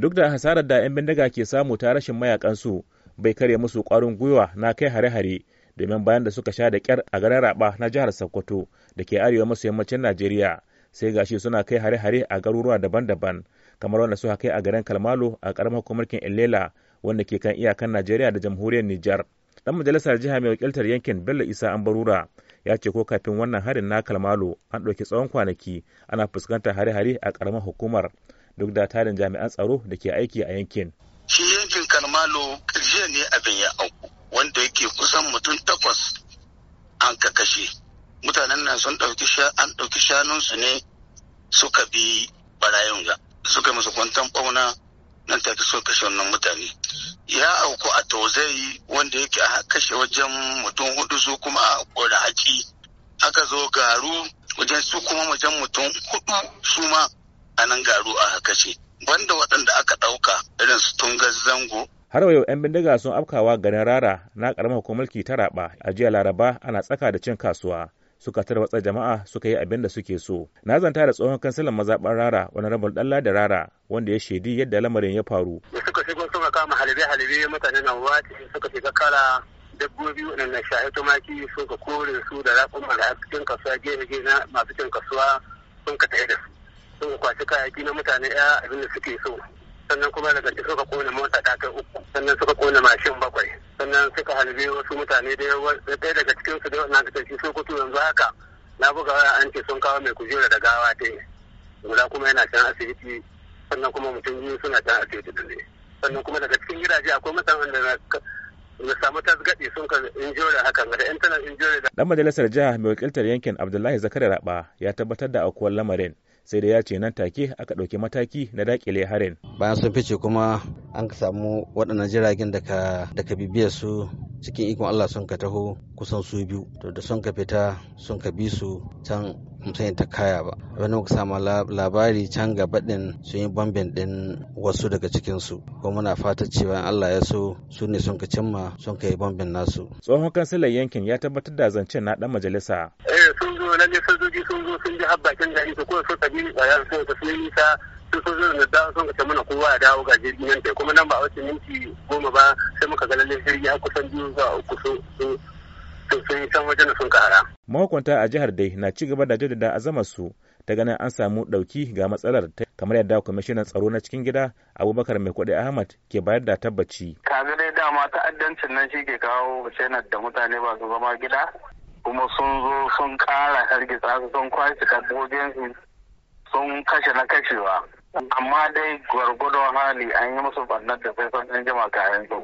duk da hasarar da 'yan bindiga ke samu ta rashin mayakansu bai karya musu kwarin gwiwa na kai hare-hare domin bayan da suka sha da kyar a garin raba na jihar sokoto da ke arewa maso yammacin najeriya sai gashi suna kai hare-hare a garuruwa daban-daban kamar wanda suka kai a garin kalmalo a karamar hukumarkin ilela wanda ke kan iyakan najeriya da jamhuriyar nijar dan majalisar jiha mai wakiltar yankin bello isa ambarura ya ce ko kafin wannan harin na kalmalo an ɗauki tsawon kwanaki ana fuskantar hare-hare a karamar hukumar duk da tarin jami'an tsaro da ke aiki a yankin. Shi yankin Karmalo jiya ne abin ya auku wanda yake kusan mutum takwas an ka kashe. Mutanen nan sun ɗauki an ɗauki shanunsu ne suka bi barayin ga suka musu kwantan ɓauna nan take suka kashe wannan mutane. Ya auku a tozai wanda yake a kashe wajen mutum hudu su kuma a kora haƙi. Aka zo garu wajen su kuma wajen mutum hudu su ma anan garu a haka ce banda waɗanda aka ɗauka irin su tungar zango har yau 'yan bindiga sun afkawa garin rara na karamar hukumar ta raba a jiya laraba ana tsaka da cin kasuwa suka tarwatsa jama'a suka yi abin da suke so na zanta da tsohon kansilan mazaɓar rara wani rabin ɗalla da rara wanda ya shaidi yadda lamarin ya faru suka shigo suka kama halibe halibe mutane na wati suka shiga kala dabbobi waɗanda shahi tumaki suka kore su da raƙumar a cikin kasuwa gefe gefe masu cin kasuwa sun ka tafi da su sun kwaci kayaki na mutane ya abin da suke so sannan kuma daga ciki suka kona mota ta kai uku sannan suka kona mashin bakwai sannan suka halbe wasu mutane da yawa ɗaya daga cikin su da na ga tafi sun kutu yanzu haka na buga waya an ce sun kawo mai kujera da gawa ta guda kuma yana can asibiti sannan kuma mutum biyu suna can asibiti da sannan kuma daga cikin gidaje akwai mutanen da na samu tasgaɗi sun ka injure hakan da intanet injure da. Dan majalisar jiha mai wakiltar yankin Abdullahi Zakari Raba ya tabbatar da aukuwar lamarin sai da ya ce nan take aka ɗauki mataki na dakile harin bayan sun fice kuma an ka samu waɗannan jiragen da ka bibiya su cikin ikon Allah sun ka taho kusan su biyu to da sun ka fita sun ka bi su can musayin ta kaya ba wani muka samu labari can gaba din sun yi bambin din wasu daga cikin su ko muna fata cewa Allah ya so su ne sun ka cimma sun ka yi bambin nasu tsohon kansilan yankin ya tabbatar da zancen na ɗan majalisa eh sun zo na sojoji sun zo sun ji har bakin gari su ko bayan sun tafi nisa sun so zuwa da sun ka mana kowa ya dawo ga jirgin nan kuma nan ba wace minti goma ba sai muka ga lalle jirgi a kusan biyu zuwa uku sun sun san wajen da sun kara. Mahukunta a jihar dai na ci gaba da jaddada azamar su ta ganin an samu ɗauki ga matsalar kamar yadda kwamishinan tsaro na cikin gida abubakar mai kuɗi ahmad ke bayar da tabbaci. kaga dai dama ta'addancin nan shi ke kawo cenar da mutane ba su zama gida kuma sun zo sun ƙara hargitsa su sun kwashe su. sun kashe na kashewa amma dai gwargwadon hali an yi musu bannar da faifan ɗan jima kayan su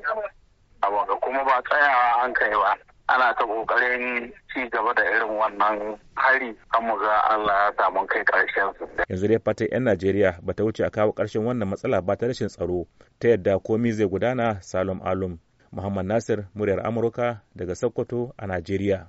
abu kuma ba tsayawa an kai ba ana ta ƙoƙarin ci gaba da irin wannan hari an mu ga Allah ya samu kai ƙarshen su. Yanzu dai fatan 'yan Najeriya ba ta wuce a kawo ƙarshen wannan matsala ba ta rashin tsaro ta yadda komi zai gudana Salom Alum. Muhammad Nasir, muryar Amurka daga Sokoto a Najeriya.